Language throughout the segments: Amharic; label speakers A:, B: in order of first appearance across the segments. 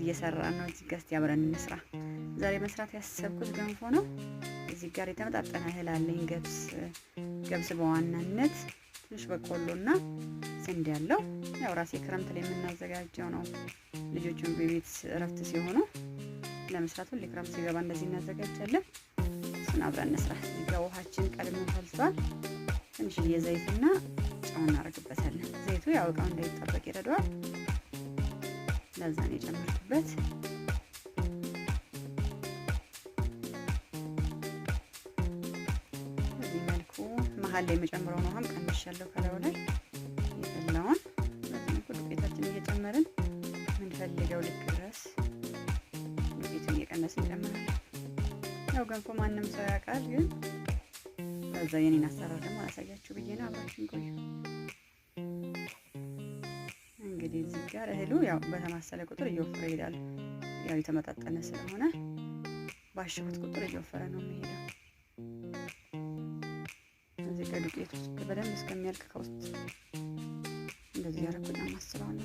A: እየሰራ ነው። እዚህ ጋር እስቲ አብረን እንስራ። ዛሬ መስራት ያሰብኩት ገንፎ ነው። እዚህ ጋር የተመጣጠነ እህል አለኝ። ገብስ ገብስ በዋናነት ትንሽ በቆሎና ስንዴ ያለው ያው ራሴ ክረምት ላይ የምናዘጋጀው ነው። ልጆቹን በቤት እረፍት ሲሆኑ ለመስራት ሁሌ ክረምት ሲገባ እንደዚህ እናዘጋጃለን። እሱን አብረን እንስራ። እዚህ ጋር ውሃችን ቀድሞ ፈልቷል። ትንሽዬ ዘይትና ጨው እናደርግበታለን። ዘይቱ ያው እቃው እንዳይጣበቅ ይረዳዋል። ለዛ ነው የጨመርኩበት። በዚህ መልኩ መሀል ላይ የመጨምረውን ውሃም ቀንሻለሁ። ከላዩ ላይ የፈላውን በዚህ መልኩ ዱቄታችን እየጨመርን የምንፈልገው ልክ ድረስ ዱቄቱን እየቀነስን እንጨምራለን። ያው ገንፎ ማንም ሰው ያውቃል፣ ግን በዛ የኔን አሰራር ደግሞ አላሳያችሁ ብዬ ነው። አብራችን ቆዩ። እንግዲህ እዚህ ጋር እህሉ ያው በተማሰለ ቁጥር እየወፈረ ይሄዳል። ያው የተመጣጠነ ስለሆነ ባሸሁት ቁጥር እየወፈረ ነው የሚሄደው። እዚህ ጋር ዱቄት ውስጥ በደንብ እስከሚያልቅ ከውስጥ እንደዚህ ያደረኩኝ ማስለዋል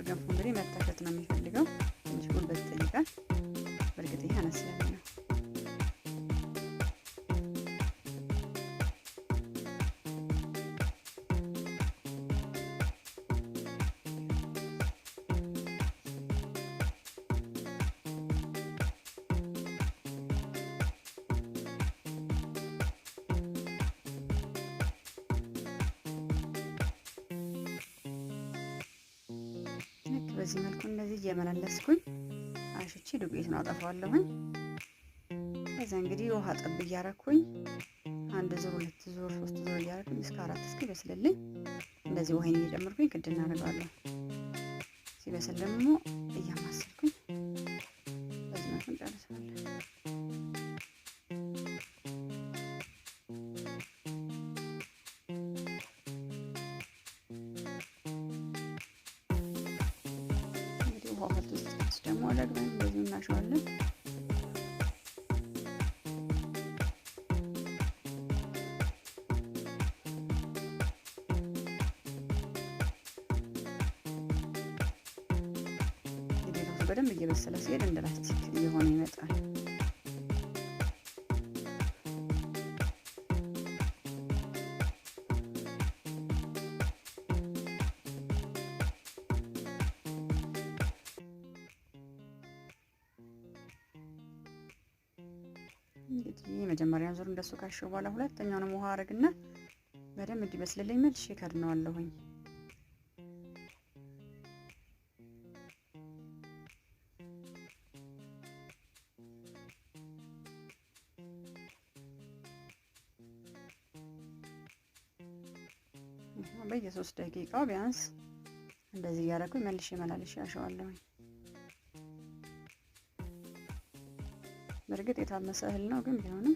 A: ከገንፎ እንግዲህ መታሸት ነው የሚፈልገው። ትንሽ ጉልበት ይጠይቃል። በእርግጥ ይህ አነስ ያለ ነው። በዚህ መልኩ እንደዚህ እየመላለስኩኝ አሽቼ ዱቄቱን አጠፋዋለሁኝ። ከዛ እንግዲህ ውሃ ጠብ እያረኩኝ አንድ ዙር፣ ሁለት ዙር፣ ሶስት ዙር እያረኩኝ እስከ አራት በስልልኝ እንደዚህ ውሃ እየጨምርኩኝ ክድ እናደርገዋለሁ። ሲበስል ደግሞ እያማሰልኩኝ በዚህ መልኩ እንጨርሳለን። መኳኳል ውስጥ ደግሞ ደግመን እንደዚህ እናሸዋለን። በደንብ እየበሰለ ሲሄድ እንደ ላስቲክ እየሆነ ይመጣል። እንግዲህ የመጀመሪያውን ዙር እንደሱ ካሸው በኋላ ሁለተኛውንም ውሃ አረግና በደንብ እንዲበስልልኝ መልሼ ከድነዋለሁኝ። በየሶስት ደቂቃው ቢያንስ እንደዚህ እያደረኩኝ መልሼ መላልሼ አሸዋለሁኝ። በእርግጥ የታመሰ እህል ነው፣ ግን ቢሆንም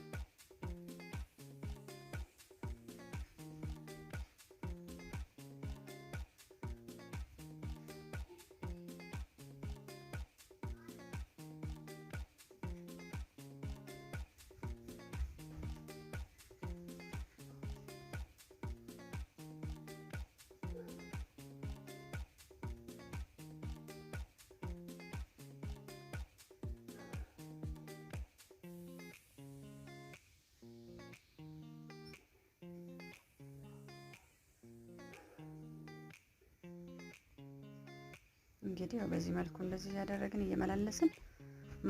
A: እንግዲህ ያው በዚህ መልኩ እንደዚህ እያደረግን እየመላለስን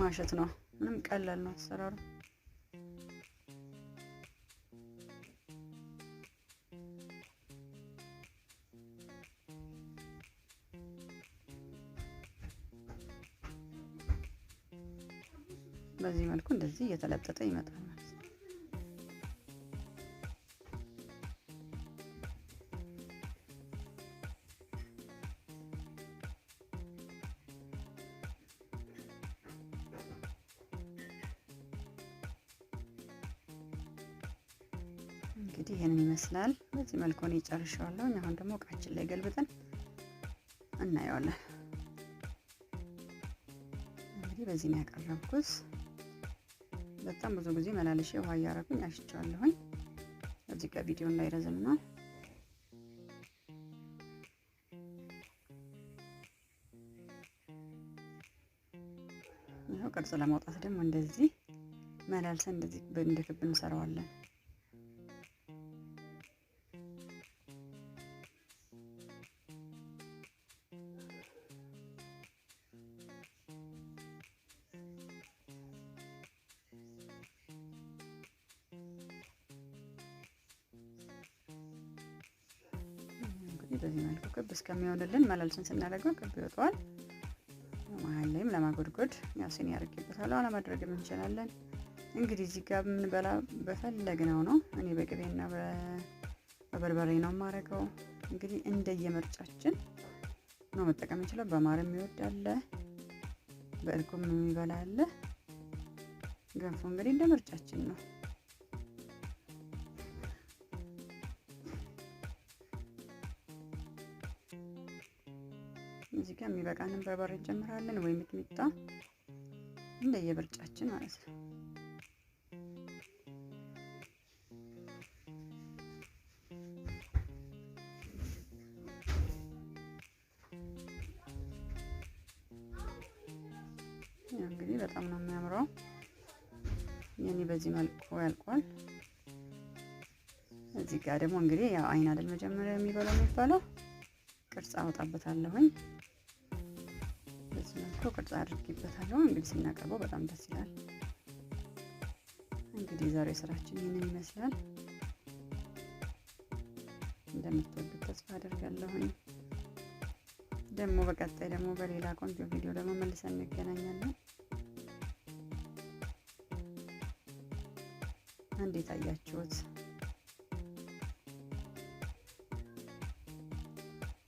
A: ማሸት ነው። ምንም ቀላል ነው አሰራሩ። በዚህ መልኩ እንደዚህ እየተለጠጠ ይመጣል። እንግዲህ ይህንን ይመስላል። በዚህ መልኩ እኔ ጨርሻዋለሁ። አሁን ደግሞ እቃችን ላይ ገልብጠን እናየዋለን። እንግዲህ በዚህ ነው ያቀረብኩት። በጣም ብዙ ጊዜ መላለሻ ውሃ እያረጉኝ አሽቸዋለሁኝ። እዚህ ጋር ቪዲዮ እንዳይረዝም ነው። ይኸው ቅርጽ ለማውጣት ደግሞ እንደዚህ መላልሰን እንደዚህ እንደ ክብ እንሰራዋለን። በዚህ መልኩ ክብ እስከሚሆንልን መለልስን ስናደርገው ክብ ይወጣዋል። መሀል ላይም ለማጎድጎድ ያው ሲኒ ያደርግበታለሁ አለማድረግም እንችላለን። እንግዲህ እዚህ ጋር የምንበላ በፈለግነው ነው። እኔ በቅቤና በበርበሬ ነው የማደርገው። እንግዲህ እንደየምርጫችን ነው መጠቀም እንችላል። በማርም አለ በእርጎም የሚበላ አለ። ገንፎ እንግዲህ እንደ ምርጫችን ነው። ማንኪያ የሚበቃንን በርበሬ እንጨምራለን፣ ወይ ሚጥሚጣ እንደየምርጫችን ማለት ነው። እንግዲህ በጣም ነው የሚያምረው። የኔ በዚህ መልኩ ያልቋል። እዚህ ጋር ደግሞ እንግዲህ ያው አይን አይደል መጀመሪያ የሚበላው የሚባለው ቅርጽ አወጣበታለሁኝ። በዚህ መልኩ ቅርጽ አድርጌበታለሁ። እንግዲህ ስናቀርበው በጣም ደስ ይላል። እንግዲህ ዛሬ ስራችን ይህንን ይመስላል። እንደምትወዱት ተስፋ አደርጋለሁኝ። ደግሞ በቀጣይ ደግሞ በሌላ ቆንጆ ቪዲዮ ደግሞ መልሰን እንገናኛለን። እንዴት አያችሁት?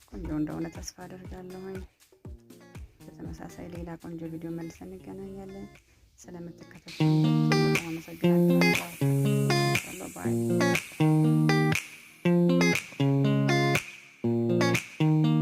A: ቆንጆ እንደሆነ ተስፋ አደርጋለሁኝ። በተመሳሳይ ሌላ ቆንጆ ቪዲዮ መልሰን እንገናኛለን። ስለምትከታተሉ አመሰግናለሁ። ባይ